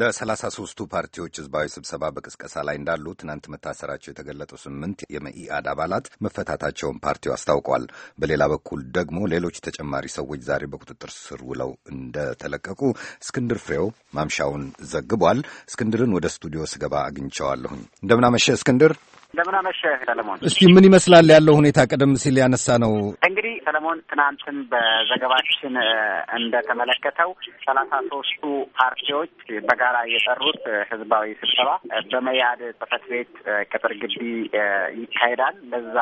ለ 33 ፓርቲዎች ህዝባዊ ስብሰባ በቅስቀሳ ላይ እንዳሉ ትናንት መታሰራቸው የተገለጡ ስምንት የመኢአድ አባላት መፈታታቸውን ፓርቲው አስታውቋል። በሌላ በኩል ደግሞ ሌሎች ተጨማሪ ሰዎች ዛሬ በቁጥጥር ስር ውለው እንደተለቀቁ እስክንድር ፍሬው ማምሻውን ዘግቧል። እስክንድርን ወደ ስቱዲዮ ስገባ አግኝቸዋለሁኝ። እንደምናመሸ እስክንድር። እንደምናመሸ ሰለሞን። እስቲ ምን ይመስላል ያለው ሁኔታ? ቀደም ሲል ያነሳ ነው ሰለሞን ትናንትም በዘገባችን እንደተመለከተው ሰላሳ ሶስቱ ፓርቲዎች በጋራ የጠሩት ህዝባዊ ስብሰባ በመያድ ጽፈት ቤት ቅጥር ግቢ ይካሄዳል። ለዛ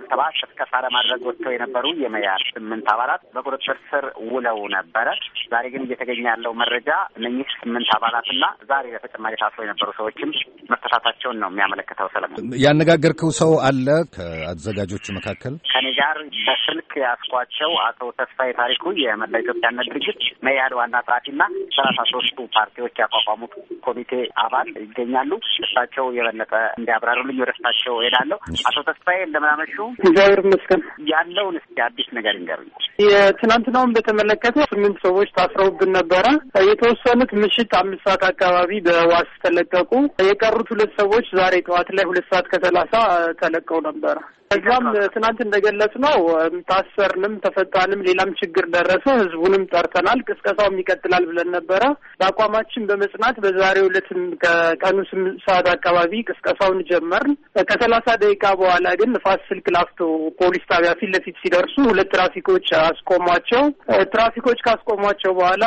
ስብሰባ ሽፍተፋ ለማድረግ ወጥተው የነበሩ የመያድ ስምንት አባላት በቁጥጥር ስር ውለው ነበረ። ዛሬ ግን እየተገኘ ያለው መረጃ እነኚህ ስምንት አባላትና ዛሬ በተጨማሪ ታስሮ የነበሩ ሰዎችም መፈታታቸውን ነው የሚያመለክተው። ሰለሞን፣ ያነጋገርከው ሰው አለ ከአዘጋጆቹ መካከል? ከኔ ጋር በስልክ ያስኳቸው አቶ ተስፋዬ ታሪኩ የመላ ኢትዮጵያነት ድርጅት መያድ ዋና ጸሐፊና ሰላሳ ሶስቱ ፓርቲዎች ያቋቋሙት ኮሚቴ አባል ይገኛሉ። እሳቸው የበለጠ እንዲያብራሩልኝ ወደ እሳቸው ሄዳለሁ። አቶ ተስፋዬ እንደምናመሹ ናቸው? እግዚአብሔር ይመስገን። ያለውን እስኪ አዲስ ነገር እንገርኝ። የትናንትናውን በተመለከተ ስምንት ሰዎች ታስረውብን ነበረ። የተወሰኑት ምሽት አምስት ሰዓት አካባቢ በዋስ ተለቀቁ። የቀሩት ሁለት ሰዎች ዛሬ ጠዋት ላይ ሁለት ሰዓት ከሰላሳ ተለቀው ነበረ። ከዛም ትናንት እንደገለጽ ነው ታሰርንም ተፈታንም ሌላም ችግር ደረሰ። ህዝቡንም ጠርተናል። ቅስቀሳውም ይቀጥላል ብለን ነበረ። በአቋማችን በመጽናት በዛሬው ዕለትም ከቀኑ ስምንት ሰዓት አካባቢ ቅስቀሳውን ጀመርን። ከሰላሳ ደቂቃ በኋላ ግን ንፋስ ስልክ ላፍቶ ፖሊስ ጣቢያ ፊት ለፊት ሲደርሱ ሁለት ትራፊኮች አስቆሟቸው። ትራፊኮች ካስቆሟቸው በኋላ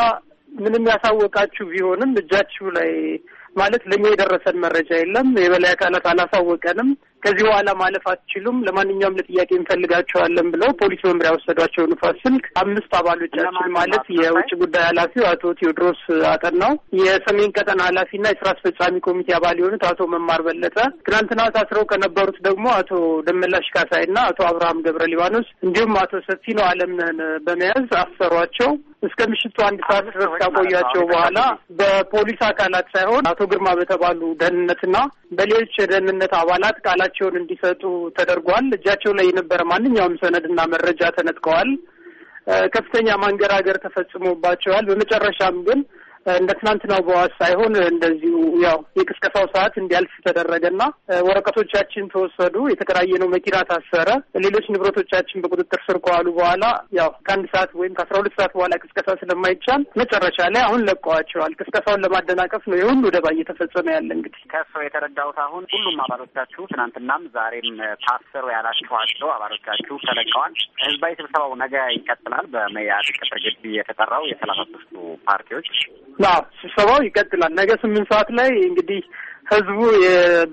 ምንም ያሳወቃችሁ ቢሆንም እጃችሁ ላይ ማለት ለእኛ የደረሰን መረጃ የለም፣ የበላይ አካላት አላሳወቀንም፣ ከዚህ በኋላ ማለፍ አትችሉም፣ ለማንኛውም ለጥያቄ እንፈልጋቸዋለን ብለው ፖሊስ መምሪያ ወሰዷቸው። ንፋስ ስልክ አምስት አባሎቻችን ማለት የውጭ ጉዳይ ኃላፊው አቶ ቴዎድሮስ አጠናው፣ የሰሜን ቀጠና ኃላፊና የስራ አስፈጻሚ ኮሚቴ አባል የሆኑት አቶ መማር በለጠ፣ ትናንትና ታስረው ከነበሩት ደግሞ አቶ ደመላሽ ካሳይና አቶ አብርሃም ገብረ ሊባኖስ እንዲሁም አቶ ሰፊ ነው አለምነን በመያዝ አሰሯቸው። እስከ ምሽቱ አንድ ሰዓት ድረስ ካቆያቸው በኋላ በፖሊስ አካላት ሳይሆን አቶ ግርማ በተባሉ ደህንነትና በሌሎች የደህንነት አባላት ቃላቸውን እንዲሰጡ ተደርጓል። እጃቸው ላይ የነበረ ማንኛውም ሰነድና መረጃ ተነጥቀዋል። ከፍተኛ ማንገራገር ተፈጽሞባቸዋል። በመጨረሻም ግን እንደ ትናንትናው በዋስ ሳይሆን እንደዚሁ ያው የቅስቀሳው ሰዓት እንዲያልፍ ተደረገና ወረቀቶቻችን ተወሰዱ። የተከራየነው መኪና ታሰረ። ሌሎች ንብረቶቻችን በቁጥጥር ስር ከዋሉ በኋላ ያው ከአንድ ሰዓት ወይም ከአስራ ሁለት ሰዓት በኋላ ቅስቀሳ ስለማይቻል መጨረሻ ላይ አሁን ለቀዋቸዋል። ቅስቀሳውን ለማደናቀፍ ነው የሁሉ ደባ እየተፈጸመ ያለ። እንግዲህ ከሰው የተረዳሁት አሁን ሁሉም አባሎቻችሁ ትናንትናም ዛሬም ታሰሩ ያላችኋቸው አባሎቻችሁ ተለቀዋል። ህዝባዊ ስብሰባው ነገ ይቀጥላል። በመያድ ቅጥር ግቢ የተጠራው የሰላሳ ሶስቱ ፓርቲዎች ስብሰባው ይቀጥላል። ነገ ስምንት ሰዓት ላይ እንግዲህ ህዝቡ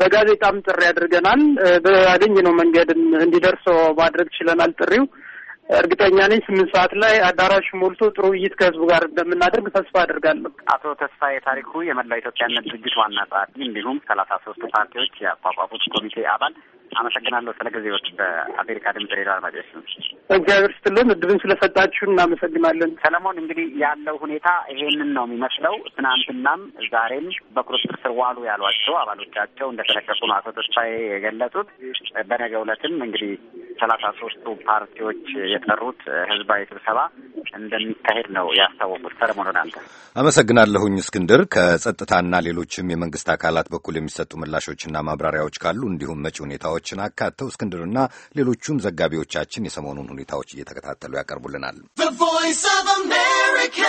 በጋዜጣም ጥሪ አድርገናል። ባገኘነው መንገድ እንዲደርሰው ማድረግ ችለናል። ጥሪው እርግጠኛ ነኝ ስምንት ሰዓት ላይ አዳራሽ ሞልቶ ጥሩ ውይይት ከህዝቡ ጋር እንደምናደርግ ተስፋ አድርጋለሁ። አቶ ተስፋዬ ታሪኩ የመላው ኢትዮጵያነት ድርጅት ዋና ጸሐፊ እንዲሁም ሰላሳ ሶስቱ ፓርቲዎች ያቋቋሙት ኮሚቴ አባል አመሰግናለሁ ስለ ጊዜዎች። በአሜሪካ ድምጽ ሬዲዮ አድማጮች እግዚአብሔር ስትልን እድብን ስለሰጣችሁን እናመሰግናለን። ሰለሞን፣ እንግዲህ ያለው ሁኔታ ይሄንን ነው የሚመስለው። ትናንትናም ዛሬም በቁጥጥር ስር ዋሉ ያሏቸው አባሎቻቸው እንደተለቀቁ ነው አቶ ተስፋዬ የገለጹት። በነገ ዕለትም እንግዲህ ሰላሳ ሶስቱ ፓርቲዎች የጠሩት ህዝባዊ ስብሰባ እንደሚካሄድ ነው ያስታወቁት። ሰለሞን አንተ አመሰግናለሁኝ እስክንድር። ከጸጥታና ሌሎችም የመንግስት አካላት በኩል የሚሰጡ ምላሾችና ማብራሪያዎች ካሉ እንዲሁም መጪ ሁኔታዎችን አካተው እስክንድርና ሌሎቹም ዘጋቢዎቻችን የሰሞኑን ሁኔታዎች እየተከታተሉ ያቀርቡልናል። ቮይስ ኦፍ አሜሪካ